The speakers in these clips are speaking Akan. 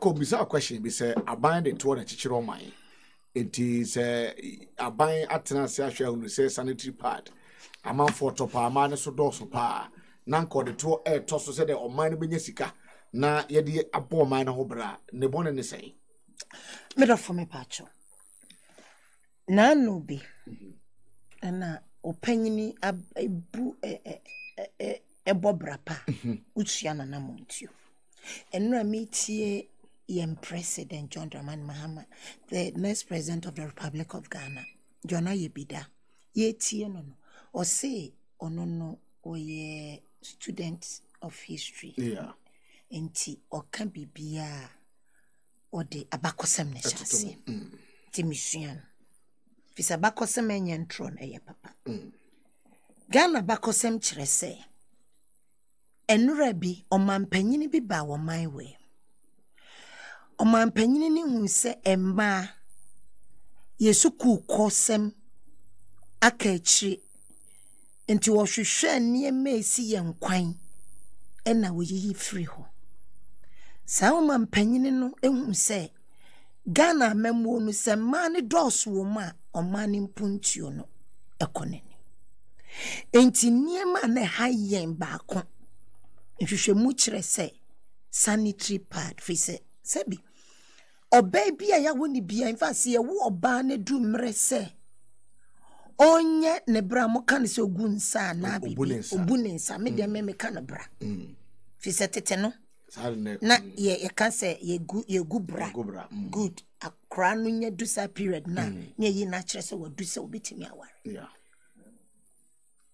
akɔ bisa question bi sɛ aban de toɔ na kyekyere ɔman nti sɛ aban atena ase ahwɛ ahunu sɛ sanitary pad amanfoɔ tɔ paa aman no so dɔɔso paa na nka ɔde toɔ ɛɛtɔ so sɛdeɛ ɔman no bɛnya sika na yɛde abɔ ɔman no ho bra ne bɔne ne sɛn medɔfo me paakyɛw naano bi mhm. ɛna ɔpanyini abu ɛbɔ bra pa mhm. wotua nanamɔntuo ɛno metie EM President John draman Mahama, the next president of the Republic of Ghana, Jona Yebida, ye no no, or say ono no ye student of history. Yeah. And ɔka or ɔde abakɔsɛm na or the abacosem mesua no firi sɛ abakɔsɛm ɛnyɛ ntorɔ no papa mm. ghana abakɔsɛm kyerɛ sɛ ɛnora bi ɔmampanyini bi baa wɔ my way. ɔmanpanyin no hu sɛ mmaa yɛ sukuukɔsɛm aka akyire nti wɔhwehwɛ nneɛma esi yɛn kwan ɛna wɔyiyi firi hɔ saa ɔmanpanyin no hu sɛ ghana amammuo no sɛ mmaa no dɔɔso wɔ mu a ɔmaa no mpontuo no ɛkɔ n'anim nti nneɛma a na ɛha yɛn baako nhwehwɛmu kyerɛ sɛ sanitary pad firi sɛ sɛbi ɔbaa bi a yɛawo ne bia mfa sɛ yɛwo ɔbaa no du mmerɛ sɛ ɔnyɛ ne bra moka no sɛ ɔgu nsa anaa bibi ɔbu ne nsa medeɛ mm. memeka no bra mm. tete no na yɛka sɛ yɛgu bra mm. good akora no nya du sa period na mm. ne ɛyi no akyerɛ sɛ wadu sɛ wobɛtumi aware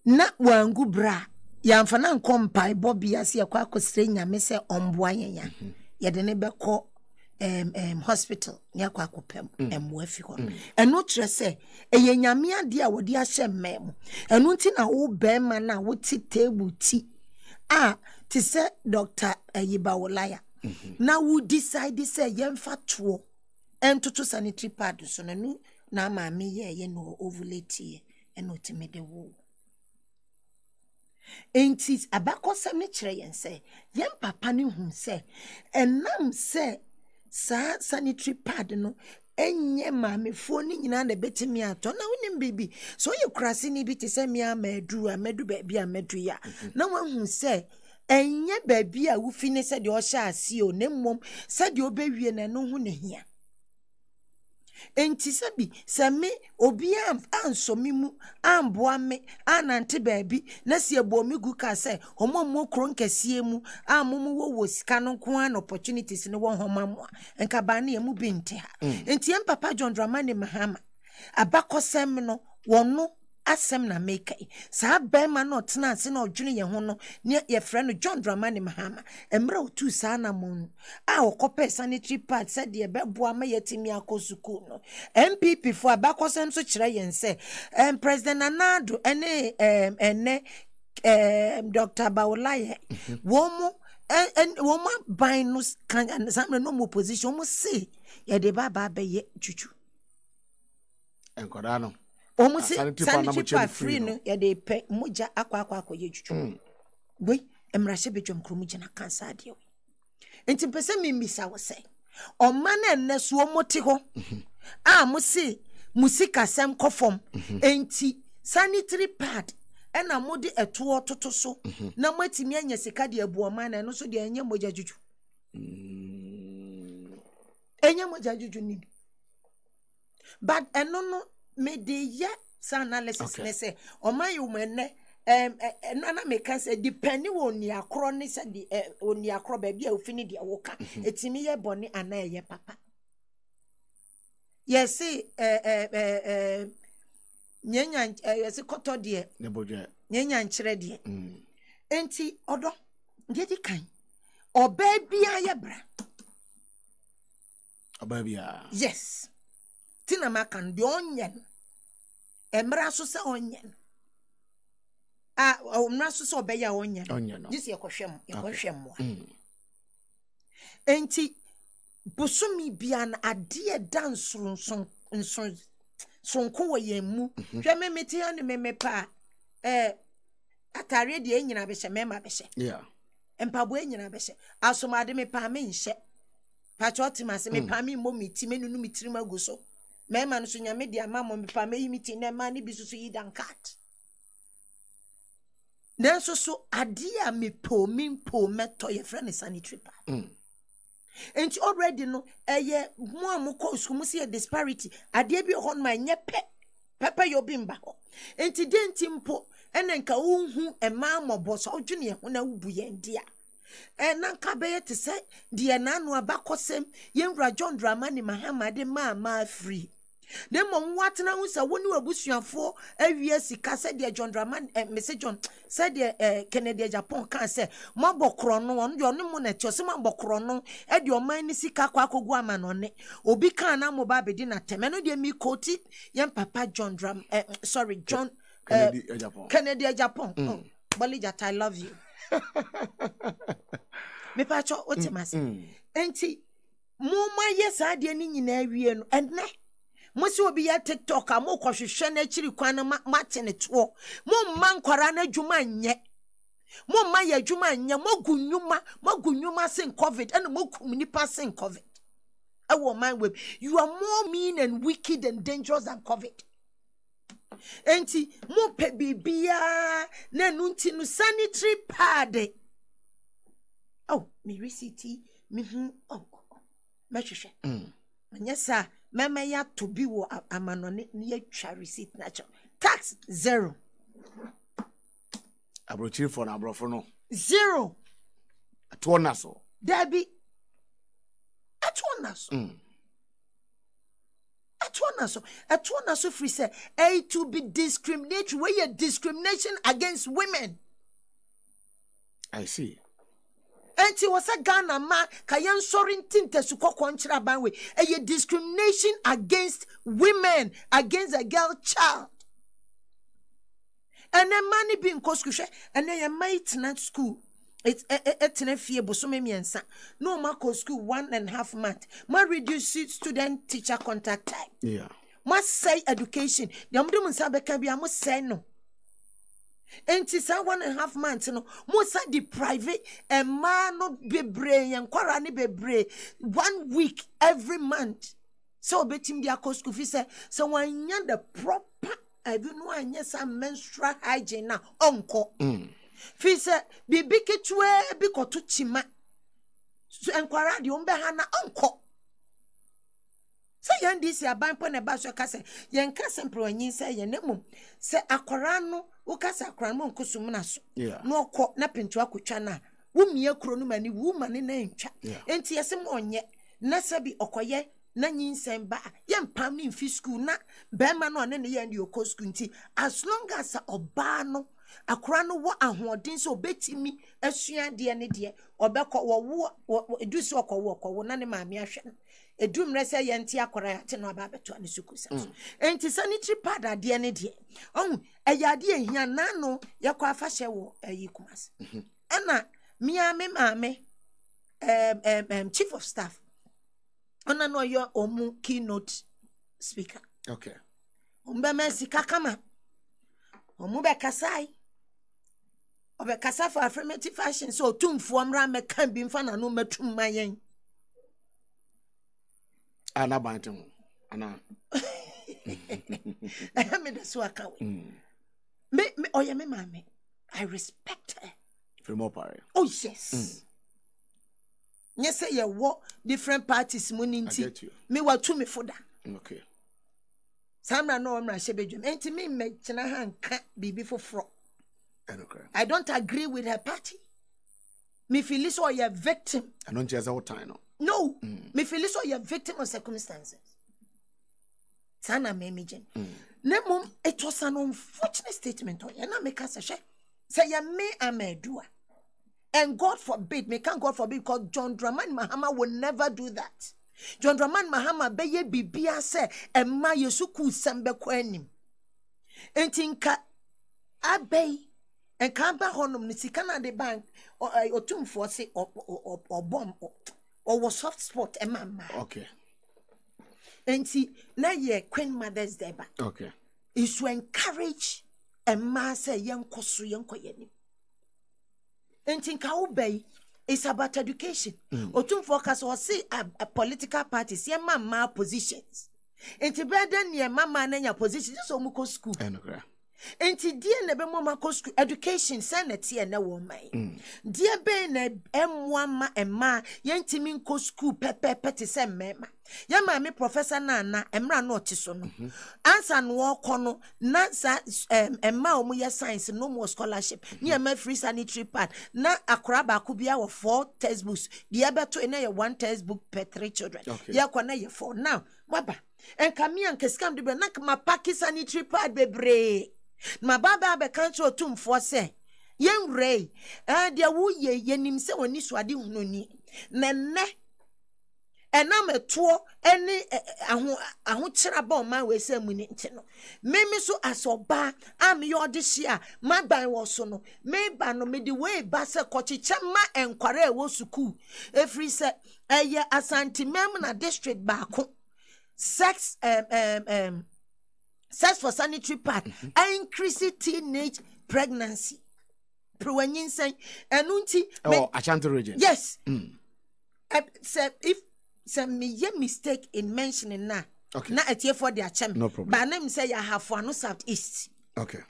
na wangu bra yɛamfa no nkɔ mpaebɔ bia sɛ yɛkɔ akɔsrɛ nyame sɛ ɔmboa yɛn a mm-hmm. yɛde ne bɛkɔ um, um, hospital ne akɔ akɔpɛ mmoa fi hɔ mm. ɛno kyerɛ sɛ ɛyɛ nyame adeɛ a wɔde ahyɛ mmaa mu ɛno nti na wo barima no a wote table ti a te sɛ dr ayibawolaya mhm. na wo decide sɛ yɛmfa toɔ ɛntoto sanitary pad so no no na maame yɛɛyɛ na ovulatiɛ ɛna ɔtumi de woo nti abakɔsɛm ni kyerɛ yɛn sɛ yɛn papa no hu sɛ ɛnam sɛ saa sanitary pad no ɛnyɛ maamefoɔ no nyinaa na ɛbɛtumi atɔ na wonim biribi sɛ woyɛ kurase no bi te sɛ mmea maaduru a madu baabi a madu yi a mhm. na woahu sɛ ɛnyɛ baabi a wofi ne sɛdeɛ ɔhyɛ aseɛ o na mmom sɛdeɛ wobɛwie no ɛno ho ne hia nti sɛbi sɛ me obi ansɔ me mu amboa me anante baabi na si ebuo me gu ka sɛ wɔn a wɔn kuro nkɛseɛ mu a wɔn wɔ wɔ sika no nko ara na opportunities no wɔ hɔn amoa nkabaa no yɛ mu bi nte ha mm. nti yɛn papa john dramani mahama abakɔsɛm no wɔn no. asɛm na meka yi saa bɛrima no ɔtena ase na ɔdwene yɛn ho no ne yɛfrɛ no john dramani mahama mmerɛ otu saa namɔ a ɔkɔpɛ sanitary pad sɛdeɛ ɛbɛboa ma yɛtumi akɔ sukuu no npp fo abakɔsɛm nso kyerɛ yɛn sɛ president nanado ne ɛnɛ dr bawolayɛ mhm. wɔn mu wɔn mu aban no kan samina no mu position wɔn mu se yɛde ba ba abɛyɛ twitwi. nkwadaa no wɔn si sanitary pa free no yɛde pɛ mogya akɔ akɔ akɔ yɛ twitwi hmm. wei mmarahyɛ badwam kurom gyina kansa adeɛ wei nti mpɛ sɛ mimisa wo sɛ ɔma no ɛnɛ so ɔmo te hɔ a mo se mo sikasɛm kɔ fam mhm. nti sanitary pad ɛna mode ɛtoɔ toto so mhm. na moatumi anya sika de abu ɔma no ɛno so deɛ ɛnyɛ mogya dwudwu ɛnyɛ mogya dwudwu ni bi but ɛno no mede yɛ sa analysis okay. ne sɛ ɔman yi mu ɛnɛ nana mi ka sɛ dipɛni wɔ oniakorɔ ne sɛ di ɛ oniakorɔ baabi a ofin deɛ woka eti mhm. mi yɛ bɔni ana yɛ papa yɛsi ɛ ɛ ɛ ɛ nyanya ɛ yɛsi kɔtɔ deɛ nyanya nkyerɛ deɛ mm. nti ɔdɔ deɛ di kan ɔbɛɛ bi a yɛ bra ɔbɛɛ bi a yɛs. Tina na maka deɛ ɔnyɛ no mmerɛ so a mmerɛ so sɛ ɔbɛyɛ a ɔnyɛ no gye sɛ yɛkɔhwɛ mo yɛkɔhwɛ mmoa nti bosome bia no adeɛ da nsoronson nson sonko wɔ yɛn mu hwɛ me mete ne meme pa a ɛɛ atareɛ deɛ nyina bɛhyɛ mɛma bɛhyɛ mpaboa nyina bɛhyɛ asomade mepa menhyɛ patwɛ ɔtem ase mepa memmɔ me ti menunu me tirim agu so mmarima no so nyame de ama mo mepa meyi meeting na mma no bi soso yi dan card nanso so adeɛ a mepoo mempoo mɛtɔ yɛfrɛ no sanitary pad mm. nti already no ɛyɛ mo a mokɔ sukuu mu si yɛ disparity adeɛ bi wɔ hɔ no ma ɛnyɛ pɛ pɛpɛ yɛ obi mba hɔ nti de nti mpo ɛna nka wohu mmaa mmɔbɔ so wodwene yɛ ho na wobu yɛn dea ɛna nka bɛyɛ te sɛ deɛ n'ano aba kɔsɛm yɛnwura john dramani mahama de maamaa firi na mmom watena ho sɛ wo ne w'abusuafoɔ awie sika sɛdeɛ john draman eh, mese john sɛdeɛ eh, kennedy japan kaa sɛ moabɔ korɔ no ɔno deɛ ɔne mo nɛte ɔsɛ moabɔ korɔ no ɛde ɔman ne sika kɔ akɔgu ama no ne obi kaa na moba abɛdi natɛm ɛno deɛ mikooti yɛn papa john dram eh, sorry john eh, kennedy eh, japan eh, mm. oh, i love you mepatwɔ wotem ase ɛnti mm, mm. momma yɛ saa deɛ no nyinaa wie no ɛnɛ mo sɛ obi yɛ tiktok a mokɔhwehwɛ no akyiri kwan no mate ne toɔ momma nkwaraa no adwuma nyɛ momma yɛ adwuma nyɛ moagu nnwuma moagu nnwuma sen covid ɛna moakum nnipa sen covid ɛwɔ ɔman wɔ you are more mean and wicked and dangerous than covid nti mopɛ biribiaa na ɛno nti no sanitary pad oh, me receipt mehu ɔnkɔ mɛhwehwɛ ɛnyɛ mm. saa mɛma yɛ ato bi wɔ amanɔne ne yɛatwa receipt no akyɛw tax zero aburokyirifoɔ no aborɔfo no zero ɛtoɔ na so daabi ɛtoɔ na so ɛtoɔ mm. na so ɛtoɔ na so firi sɛ to be discriminatory wɔyɛ discrimination against women i see nti was a ghana ma ka yɛnsɔre nti ntasu kɔkɔɔ nkyerɛ aban discrimination against women against a girl child ɛnɛ mma no bi nkɔ sukuu hwɛ ɛnɛ yɛ mma yi tena sukuu ɛtena fie bosome mmiɛnsa No, ɔma kɔ sukuu one and half month My reduced student teacher contact time yeah. Must say education The ɔmo de mo nsa bɛka bi a mo nti saa one and half months no musa deprive mmaa no bebree yɛn nkwaraa no bebree one week every month sɛ obetumi de akɔ school fi sɛ sɛ wanya the proper ebi no anya saa menstrual hygiene na ɔnkɔ mm. fee sɛ biribi ketewa bi kɔto kyima so nkwaraa deɛ ɔmbɛ ha na ɔnkɔ sɛ yɛn de si aban pɔ na ɛba so ɛka sɛ yɛn ka sɛ mpɛrɛ ɔnyin sɛ yɛn na mmom sɛ akwaraa no. wokasa akora no ma nkosum no so na ɔkɔ na pento akɔtwa no a womia kuro no ma ni woma ne na ntwa enti yɛsɛ ma ɔnyɛ na sɛ bi ɔkɔyɛ na nyinsɛn ba a yɛmpam ne mfi skul na bɛrima no ɔne ne yɛ ne ɔkɔ skul nti as long as ɔbaa no akora no wɔ ahoɔden sɛ ɔbɛtumi asua deɛ ne deɛ ɔbɛkɔ wɔwo ɛdu sɛ ɔkɔwo ɔkɔwo na ne maame ahwɛ no edum rɛ sɛ yɛn ti akɔra yɛ ate na ɔba abɛto ne sukuu sa so mm. nti sanitary pad adeɛ ne deɛ ɔmo ɛyɛ adeɛ ehia nano yɛkɔ afahyɛ wɔ ɛyi kumasi mhm. ɛna mmea me maame chief of staff ɔna no ɔyɛ key note speaker ɔmo bɛma sika kama ɔmo bɛ kasae ɔbɛ kasa for affirmative fashion sɛ ɔtumfoɔ mmra mɛka bi nfa n'ano mɛtum ma yɛn. a n'abanten ho ana. ɛyɛ mi de so aka wo mm. me me ɔyɛ me maame i respect her. firimɔ pare. oh yes. Mm. nyɛ sɛ yɛwɔ different parties mu ni nti mi wa tu mi fo da. okay. saa mmerɛ na ɔmmerɛ ahyɛ badwam ɛnti memmɛkyena ha nka biribi foforɔ i don't agree with her party mefili sɛ ɔyɛ victim ɛno nkyerɛ sɛ wotan no no mm. so, you're victim of circumstances saa na mɛmi gye na mmom ɛtɔ sa no unfortunate statement oh, you na meka sɛ hwɛ sɛ say. me ama adu a and god forbid me can't. god forbid because john dramani mahama will never do that john dramani mahama bɛyɛ biribia sɛ ɛma yesu kuu sɛm bɛkɔ anim nti nka abɛyi nka aba hɔnom no sika no ade bank ɔtumfoɔ eh, se ɔbɔm ɔwɔ soft spot ma mmaa okay. nti na yɛ queen mothers dɛ ba okay. is to encourage mmaa sɛ yɛnkɔ so yɛnkɔ yɛ nim nti nka wo bɛyi is about education ɔtumfoɔ mm. ka sɛ ɔse political parties yɛma mmaa positions nti bɛɛ dɛ nneɛ mama no anya position sɛ ɔmukɔ school nti deɛ na ɛbɛmɔ ma kɔ school education sɛn na teɛ na wɔn ma yi mm. deɛ bɛn na ɛmoa ma ɛmaa yɛntumi nkɔ school pɛpɛɛpɛ te sɛ mmarima yɛ maame prɔfɛsa nana mmerɛ no ɔte so no mhm. ansa no wɔrekɔ no na saa mmaa a wɔyɛ science no mu scholarship mhm. ne ɛma free sanitary pad na akora baako bi wɔ four textbooks deɛ ɛbɛto na yɛ one textbook per three children yɛkɔ na yɛ four now waba nkame a nkɛsikam de bɛ na ma paki sanitary pad bebree ma baabaa bɛka nkyerɛ otumfoɔ sɛ yɛnwura yi deɛ woyɛ yɛnim sɛ wɔni soade hunoni na nnɛ ɛnam ɛtoɔ ne aho ahokyerɛ abɔ ɔman wei sɛ mu ne nti no mmemme so asɛ ɔbaa a meyɛ ɔde hye a ban wɔ so no meba no mede wei ba sɛ kɔkyekyɛ ma nkware a ɛwɔ sukuu ɛfiri sɛ ɛyɛ asantemam na district baako sex um, um, um, search for sanitary pad mm-hmm. increase teenage pregnancy prewanyinsɛn ɛnu nti. oh, ashanti region. yes mm. sɛ if sɛ meyɛ mistake in mentioning na. okay na atiefoɔ for akyɛ me. no problem But mi sɛ yɛ ahafo ano south east. okay.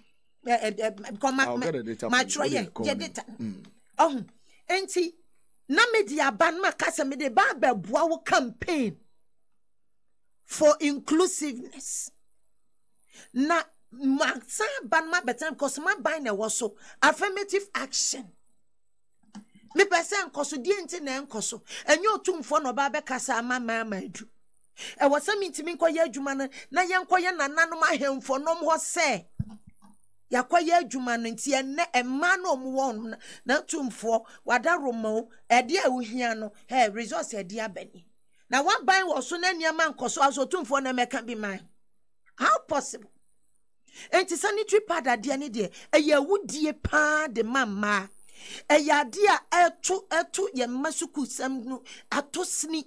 ɛɛ ɛɛ kɔma matwerɛ yɛ yɛ data. ɔhun oh, mm. oh, nti na me di aba no ma kasa me di ba abɛboa wo campaign for inclusiveness. na saa ba no mabɛtena because maban na ɛwɔ so affirmative action mepɛ sɛ nkɔ die deɛ nti na ɛnkɔ so otu otumfoɔ na ɔbaa bɛkasa ama maama adu ɛwɔ sɛ nkɔ nkɔyɛ adwuma no na yɛnkɔyɛ nananom n'om hɔ sɛ yɛakɔyɛ adwuma no nti ɛnɛ mmaa na ɔmo wɔ no na tumfoɔ wada roma o ɛde a wohia no ɛ resource ɛde abani na waban wɔ so na nneɛma nkɔ so aso tumfoɔ na mɛka bi man how possible nti sanitary pad adeɛ ne deɛ ɛyɛ awudie paa de ma mmaa ɛyɛ adeɛ a ɛto ɛto yɛn mma sukuusɛm no ato sini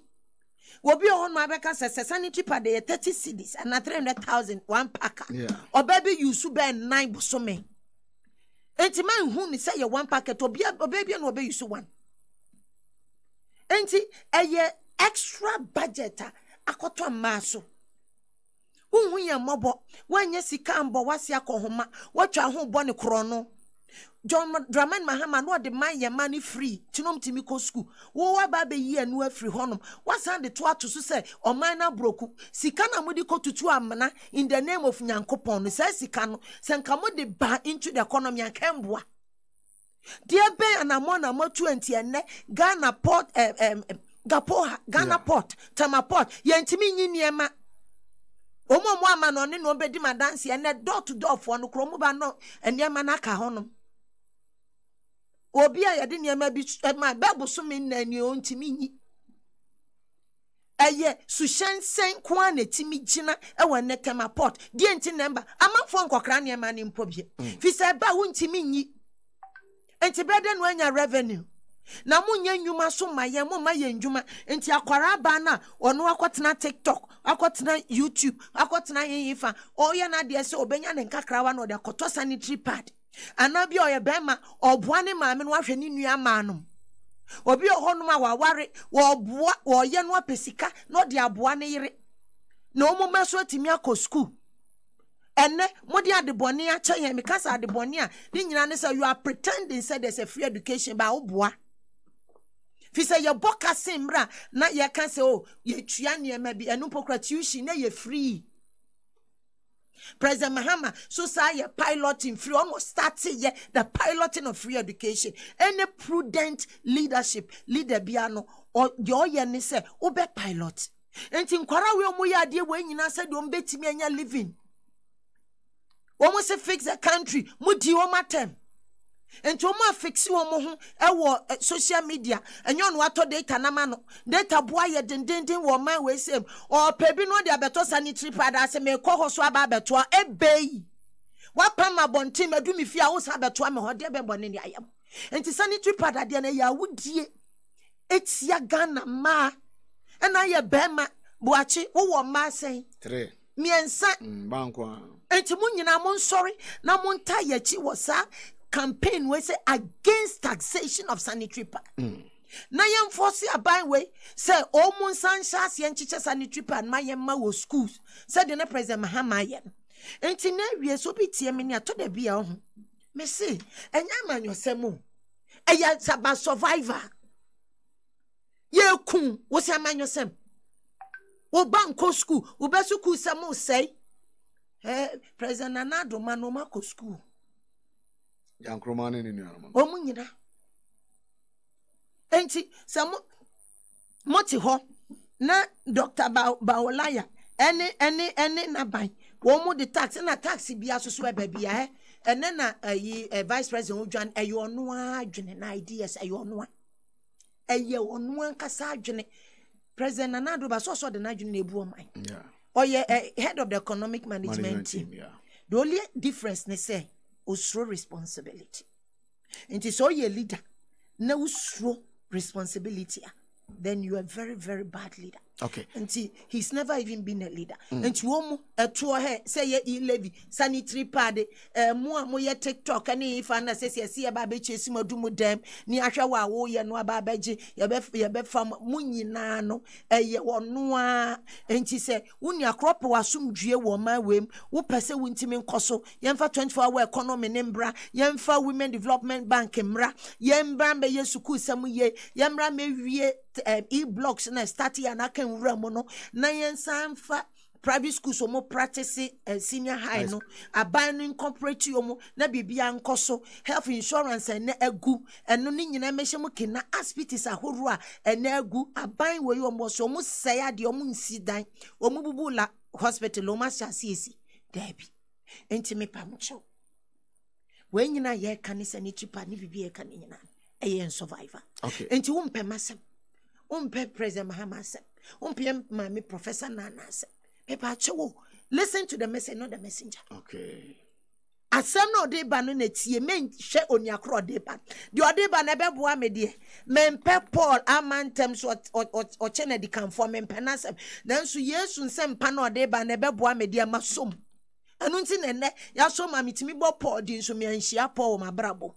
obi a ɔhɔnom abɛka sɛ sɛ sanitary pad yɛ thirty cedis ana three hundred thousand one packer ɔbaa bi yusu bɛɛ nnan bosome nti maa nhu ne sɛ yɛ one packet ɔbaa bi na ɔbɛ yusu one nti ɛyɛ extra budget a akɔtɔ mmaa so. wohu yɛ mmɔbɔ woanyɛ sika mbɔ woase akɔ homa woatwa ho bɔ ne korɔ no john dramani mahama na ɔde man yɛ ma no firi kyinom tumi kɔ sukuu wowɔ aba abɛyi ɛnu afiri hɔnom wasan de to ato so sɛ ɔman no aburoku sika na mode kɔtutu amena in the name of nyankopɔn no saa sika no sɛ nka mode ba into the economy anka mboa deɛ bɛn anammɔ na matu anti ɛnnɛ ghana port eh, eh, eh, gapoha ghana yeah. port tama port yɛntumi nyi nneɛma ɔmo ɔmo ama na ɔne na ɔbɛdi ma dansi na dɔɔto dɔɔfoɔ no koro ɔmo ba no nneɛma no aka hɔnom obi a yɛde nneɛma bi ɛma eh, bɛɛbo so mi na ɛni ɔntumi nyi ɛyɛ suhyɛnsɛn koa na ɛtumi gyina ɛwɔ ne tɛma port deɛ nti na ɛmba amanfoɔ nkɔkora nneɛma no mpɔ bie mm. fisɛ ɛba a wontumi nyi nti bɛɛ de no anya revenue. na monyɛ nnwuma so ma yɛn momma yɛn nnwuma nti akwara aba no a ɔno akɔtena tiktok akɔtena youtube akɔtena yeyifa ɔyɛ no adeɛ sɛ ɔbɛnya ne nkakrawa na ɔde akɔtɔ sanitary pad anaa bi a ɔyɛ bɛrima ɔboa ne maame no ahwɛ ne nnua maa nom obi wɔ hɔnom a wɔɔboa wɔɔyɛ no apɛ sika na ɔde aboa ne yere na so atumi akɔ ɛnɛ mode adebɔne akyɛ mekasa adebɔne you sɛ yɛbɔ kase mmerɛ na yɛka sɛ o oh, yɛtua nneɛma bi ɛno mpo kora tuition na yɛ free President Mahama, so say piloting free almost starting yeah, the piloting of free education. Any prudent leadership, leader biano, or your yen say, Obe pilot. And in Kwara we omuya ya when we said don't to me and living. say fix the country, Mu mudi omatem. nti wɔn afiksi wɔn ho wɔ eh, social media nyɔnu atɔ data nama no data boa yɛ dendenden wɔ ɔman wɔ esem ɔpɛ bi no de abɛtɔ sanitary pad ase mɛ kɔ hɔ so aba abɛtoa ebeyi wapam abɔnten mɛ dumi fi a wosa abɛtoa mɛ hɔ deɛ bɛ bɔ ne ne ayam nti sanitary pad adeɛ no yɛ awudie etia ghana mmaa ɛna yɛ bɛrima buakye wowɔ mmaa sɛn. mmiɛnsa. Mm, nti mo nyinaa mo nsɔre na mo nta yɛ akyi wɔ saa campaign wey say against taxation of sanitary pad. Mm. na yɛmfo se aban wei sɛ ɔmu nsa nhyɛ aseɛ nkyekyɛ sanitary pad ma yɛmma wɔ schools sɛdeɛ na president mahama ayɛ no nti na awie so bi tie me ne atɔ da bi a ɔho mese ɛnyɛ amanyɔsɛm o ɛyɛ saba survivor yɛku wo sɛ amanyɔsɛm woba nkɔ school wobɛ sukuu sɛ mo sɛe eh, president nana adoma no ɔmakɔ school yankuruma ne ne nuanom wɔn mu nyinaa nti sɛ mo mote hɔ na dr bawolaya ɛne ɛne ɛne naban wɔn mo de tax na tax bi asoso ɛbɛ bia ɛ ɛne na ɛyi ɛ vice president odwan ɛyɛ ɔnoa adwene na ideas ɛyɛ ɔnoa ɛyɛ ɔnoa nkasa adwene president nana adoba sɔsɔ de n'adwene na ebu ɔman ɔyɛ ɛ head of the economic management, management team yeah. the only difference ne sɛ. osuro responsibility nti sɛ ɔyɛ leader na osuro responsibility a then you are very very bad leader okay nti he's never even been a leader mm. nti wɔn mu ɛtoɔ hɛ sɛ yɛ e-levy sanitary pad ɛmu a moyɛ tiktok ne ifa na sɛ sɛ ɛsi yɛba abɛkye esi mu adum dɛm ne ahwɛ wɔ a wɔyɛ no aba abɛgye yɛbɛ yɛbɛfa mu nyinaa no ɛyɛ wɔnoa nti sɛ wuni akorɔpɔ wasomdue wɔ ɔman wɛm wopɛ sɛ wuntumi nkɔ so yɛnfa twenty four hour economy ne mbra yɛnfa women development bank mbra yɛmbra mbɛyɛ sukuu sɛm yie yɛmbra mbɛwie ɛɛ e-blocks na start yɛ anaka nwura mu no na nsa mfa private schools wɔn practice uh, senior high no aban no incorporate wɔn na biribiara nkɔ so health insurance ɛnɛ egu ɛno ne nyinaa mɛhyɛ mu kena a ɛnɛ egwu aban wɔ ọmụ wɔn wɔ sɛɛ adeɛ nsi dan wɔn bubu la hospital ahyɛ daabi nti kyɛw wɔn nyinaa yɛ ɛka ne sɛ ne ne ɛka ne nyinaa ɛyɛ n umpie maame professor na anase pepa listen to the message not the messenger okay asɛm na ɔde ba no na tie menhwɛ onuakorɔ ɔde ba deɛ ɔde ba no ɛbɛboa me deɛ mempɛ paul ama ntɛm so ɔkyɛ no adikanfoɔ mempɛ no asɛm nanso yesu nsɛm pa na ɔde ba no ɛbɛboa me deɛ masom ɛno nti na ɛnɛ yɛaso ma metumi bɔ paul di nso meanhyia paul wɔ mabrabɔ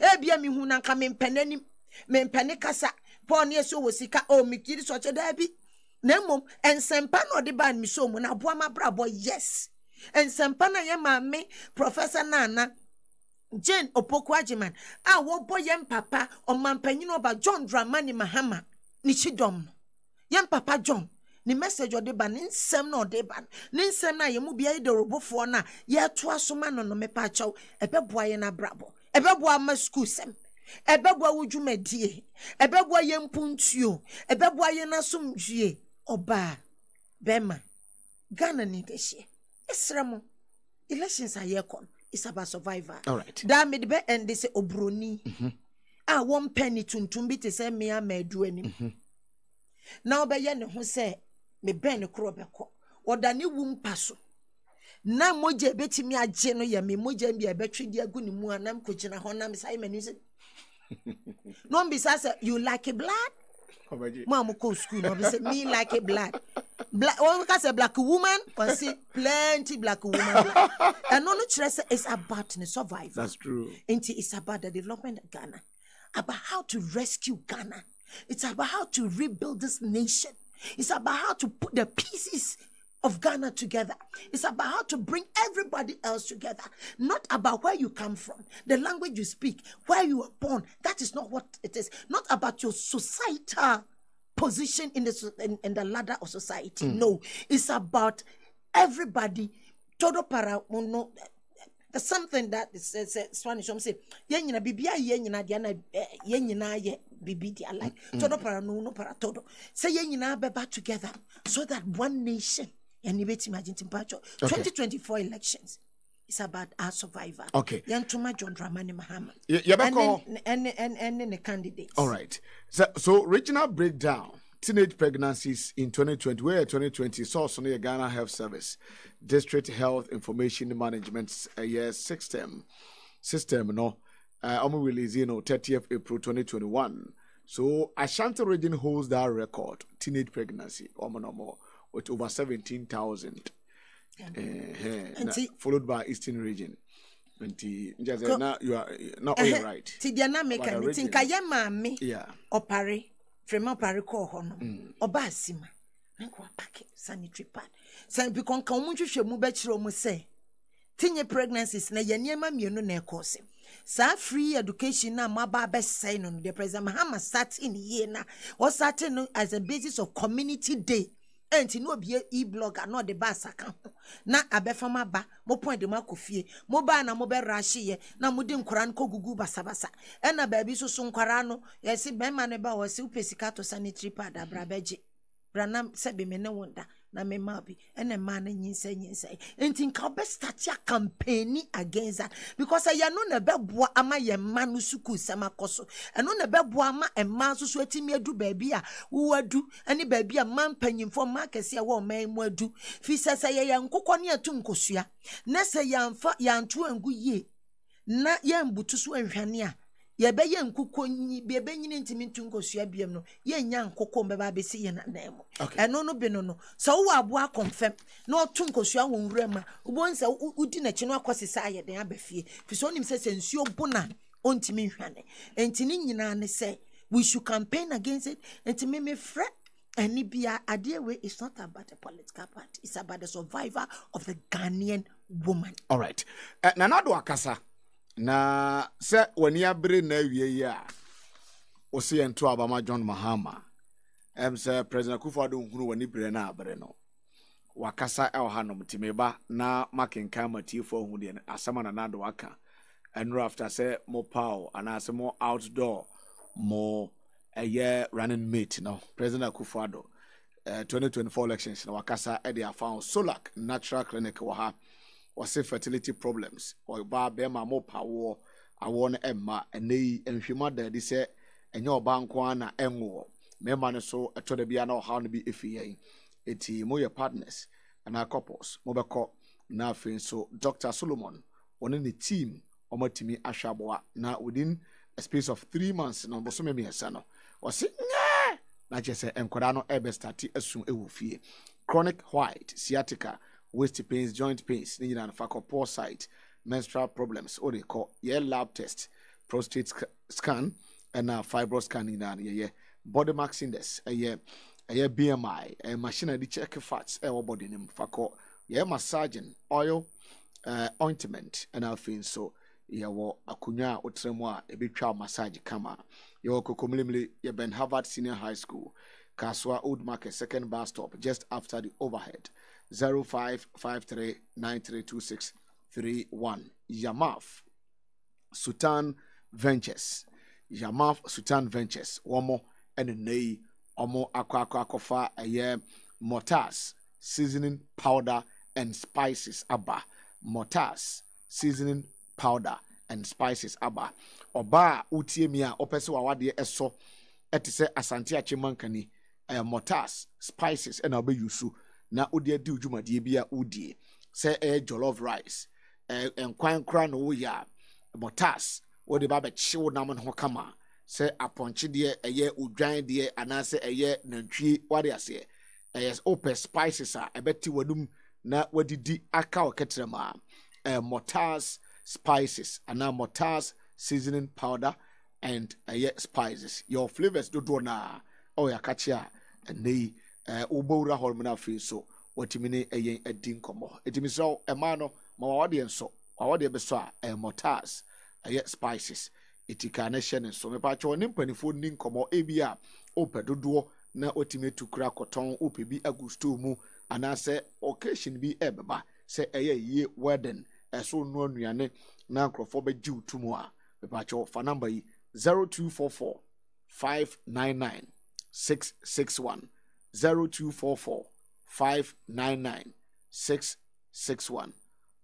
ebia mehu nanka mempɛ n'anim mempɛ ne kasa paul ne ɛsɛ wɔ sika o oh, megyiri sɔkyɛ daa bi na mmom nsɛmpa na ɔde baa nimisɛn mu na aboa ma abrabɔ yes nsɛmpa na yɛ maame prɔfɛsa nana jane opoku agyeman a wɔbɔ yɛn papa ɔmanpanyin ɔba john dramani mahama ne kyi dɔm no yɛn papa john ne message ɔde ba ne nsɛm na ɔde ba ne nsɛm na yɛn mu bia yi dɔrɔbɔfoɔ na yɛtoa so ma no no mepa akyɛw ɛbɛboa yɛn abrabɔ ɛbɛboa ama sukuu sɛm ɛbɛboa wo dwumadie ɛbɛboa yɛn mpuntuo ɛbɛboa yɛn asomdwie ɔbaa bɛrima ghana ni de hyɛ mo elections a yɛkɔ no is about survival daa mede bɛ ɛnde sɛ oburoni mm-hmm. a wɔmpɛ ne tuntum bi te sɛ mmea maadu anim mm-hmm. na ɔbɛyɛ ne ho sɛ mebɛn ne korɔ bɛkɔ ɔda ne wu mpa so na mogya ebetumi agye no yɛ me mogya bi a ɛbɛtwe de agu ne mu a nam kogyina hɔ nam sa ayɛ sɛ na ɔmbisa sɛ you like blood Mwen mwen kou skou nou. Me like a black. black when oh, we can say black woman, but see plenty black women. and no, no, it's about the survival. That's true. And it's about the development of Ghana, about how to rescue Ghana. It's about how to rebuild this nation. It's about how to put the pieces of Ghana together. It's about how to bring everybody else together, not about where you come from, the language you speak, where you were born. That is not what it is. Not about your societal position in the in, in the ladder of society. Mm. No, it's about everybody. Todo para uno. There's something that is, is, is Spanish. I'm saying, yeah, bibia, yeah, eh, you know, yeah, hmm. you like hmm. todo para no, no para todo. Say, yeah, beba together so that one nation yɛne bɛtumi 2024 elections is about our survivor. Okay. Yantuma John Dramani Mahama. And the candidates. All right. So, so regional breakdown. Teenage pregnancies in 2020, where 2020 on Sonia Ghana Health Service, District Health Information Management uh, year system, system, no, uh, I'm releasing you know, 30th April 2021. So Ashanti region holds that record, teenage pregnancy, or more. with over 17,000. Uh, eh, eh, followed by Eastern region. nti just uh, now you are now all uh, eh, right. ti di ana meka ni ti nka yɛ maame ɔpare firima ɔpare kɔɔ hɔ no ɔba mm. asima nanko apaki sanitary pad san bi kɔnka wɔn nhwehwɛ mu bɛkyerɛ wɔn sɛ tinye pregnancies na yɛ nneɛma mmienu na ɛkɔɔ sɛ saa free education na mo aba abɛsɛn no no deɛ president mahama start in yie na ɔsate no as a basis of community day ɛnti na obie e-blogger na ɔde ba asaka ho na abɛfam ba mo pɔn de mo fie mo ba na mo bɛ raahye yɛ na mo de nkwaraa no kɔ gugu basabasa ɛna baabi soso nkwaraa no yɛsi bɛrima ne ba wɔ si wopɛ sika to sanitary pad abra bɛgye branam sɛbi me ne wo da na me ma bi ɛna mmaa no nyinsɛ nyinsɛ nti nka wobɛstarte a campaigni against that because ɛyɛ no na ɛbɛboa ama yɛ mma no sukuu nsɛm akɔ so ɛno na ɛbɛboa ama mmaa nso so atumi adu baabi a wowɔ adu ne baabi a mma mpanyimfoɔ mma akɛseɛ wɔ ɔman mu adu firi sɛ yɛyɛ nkokɔ ne yɛto nkosua na sɛ yɛamfa yɛanto angu yie na yɛmbutu so anhwane a yɛbɛyɛ nkokɔ nyi yɛbɛnyini ntumi ntu nkosua biam no yɛnya nkokɔ mbɛba abɛsi yɛn anan mu ɛno no bi no no sɛ wowɔ aboa akɔmfɛm na ɔto nkosua wɔ nwura mu a wobɛhu sɛ wodi n'akyi no akɔ sesa ayɛ den aba fie firi sɛ ɔnim sɛ sɛ nsuo bo na ɔntumi nhwane ɛnti ne nyinaa ne sɛ we should campaign against it ɛnti memefrɛ ɛne bia adeɛ wei is not about a political party it's about the survivor of the ghanaian woman all right uh, nanado akasa na sɛ w'ani abere na awie yi a wɔsi yɛn to abama john mahama ɛm sɛ president akufo ado nhunu w'ani bere na abere no wakasa ɛwɔ hanom tìmɛ na makenkan ma tiefo ohun deɛ asɛm a nana do waka ɛnura after sɛ mo paw anaasɛ mo outdoor mo ɛyɛ running mate no president akufo ado ɛɛ uh, 2024 elections na wakasa ɛde afa solar natural clinic wɔ ha wɔse fertility problems ɔbaa bɛrima mo pa awoɔ awoɔ no ɛmma ɛnɛ yi nhwɛmu adaade sɛ ɛnyɛ ɔbaa nko ara na ɛnwoɔ mmarima no so ɛtɔ da bi a na ɔhaw no bi efi yɛn eti mo yɛ partners anaa couples mo bɛkɔ na afei nso dr solomon wɔne ne team wɔatumi ahwɛ aboa na within a space of three months na ɔbɔsɔmɛ mmiɛnsa no wɔse nyɛɛ na kyerɛ sɛ nkwadaa no ɛbɛ start asu ɛwɔ fie chronic white sciatica waist pains joint pains ne and no poor sight menstrual problems wode kɔ yɛ lab test prostate scan ɛna fibro scan ne nyinaa yeah. body max index ɛyɛ ɛyɛ bmi ɛyɛ machine a check fats ɛwɔ eh, body no mu fa kɔ massaging oil uh, ointment and afei so yɛwɔ akonnwa a wotena mu a massage kama yɛwɔ kokomilimili yɛ ben harvard senior high school kaswa old market second bus stop just after the overhead 0553932631 Yamaf Sultan Ventures Yamaf Sultan Ventures wɔn ɛne nna yi wɔn akɔ akɔ akɔfa ɛyɛ mortars seasoning powder and spices aba mortars seasoning powder and spices aba ɔbaa a wotie mi a ɔpɛ sɛ wawadeɛ ɛsɔ ɛte sɛ asante akyema nkani ɛyɛ eh, mortars spices ɛna ɔbɛyusu na wode adi wo dwumadeɛ bi a wodie sɛ ɛyɛ jollof rice nkwan kora na woyɛ a motas wode ba bɛkye wo nam no ho kama sɛ apɔnkye deɛ ɛyɛ odwan deɛ anaasɛ ɛyɛ nantwie wade aseɛ ɛyɛ wopɛ spices a ɛbɛte w'anum na wadidi aka wɔ kɛtrɛm a ɛyɛ motas spices anaa motas seasoning powder and ɛyɛ spices your flavours dodoɔ no a ɔyɛ akakye a ɛnɛ yi wobɔwura eh, hɔ mu no afei nso wɔtumi ne ɛyɛn adi nkɔmmɔ ɛtumi sɛ ɛmaa no ma wawa deɛ nsɔ wawa deɛ bɛsɔ a ɛyɛ mortars ɛyɛ spices ɛtika ne hyɛ ne so mepaakyɛw ne mpanimfoɔ ni nkɔmmɔ ebi a wopɛ dodoɔ na wɔtumi tu kura kɔtɔn wopɛ bi agu store mu anaasɛ occasion bi ɛbɛba eh, sɛ ɛyɛ eh, yie wedding ɛso nua nnuane na nkurɔfoɔ bɛgye wo tum a mepaakyɛw fa number yi 0244 599 661 0244 599 661.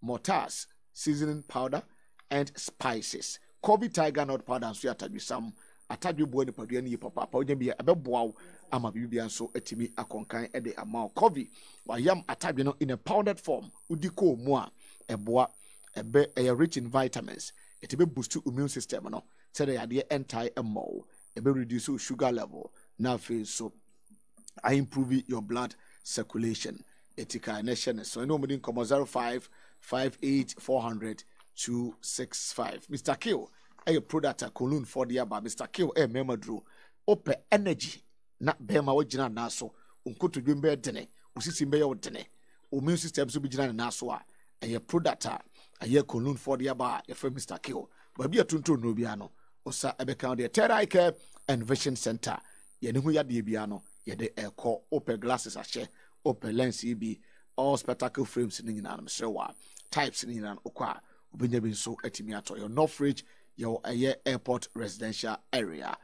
Mortars, seasoning powder, and spices. Kobe Tiger Nut powder and suya tadu sam. Atadu boy ni padu ni papa. Pa ujen biya ebe Ama bibi anso etimi akonkai ede amau. Kobe, wa yam atadu no in a powdered form. Udiko mua. eboa Ebe, ebe rich in vitamins. Etibe boost immune system no. Sede yadye entai emo. Ebe reduce sugar level. Na fe so are improving your blood circulation. Etika Nation. So, no more come 05 58 400 Mr. Kill, a product a colon for the aba. Mr. Kill, a eh, memo drew. Ope energy. Na bema wajina naso. Unkutu jumbe dene. Usisi mbeya dene. Immune system so bijina naso a. A product a. A colon for the aba. A Mr. Kill. Baby a tuntun no Osa ebeka on the Terra Care and Vision Center. Yenu ya de biano yɛde ɛkɔ wopɛ glasses ahyɛ wopɛ lens yi bi all spectacle frames ne nyinaa no mesrɛ wɔ a types ne nyinaa no wokɔ a wobɛnya bi nso atumi atɔ yɛ north yɛwɔ ɛyɛ airport residential area